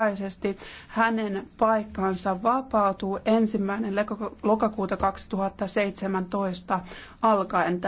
mukaisesti hänen paikkansa vapautuu ensimmäinen lokakuuta 2017 alkaen.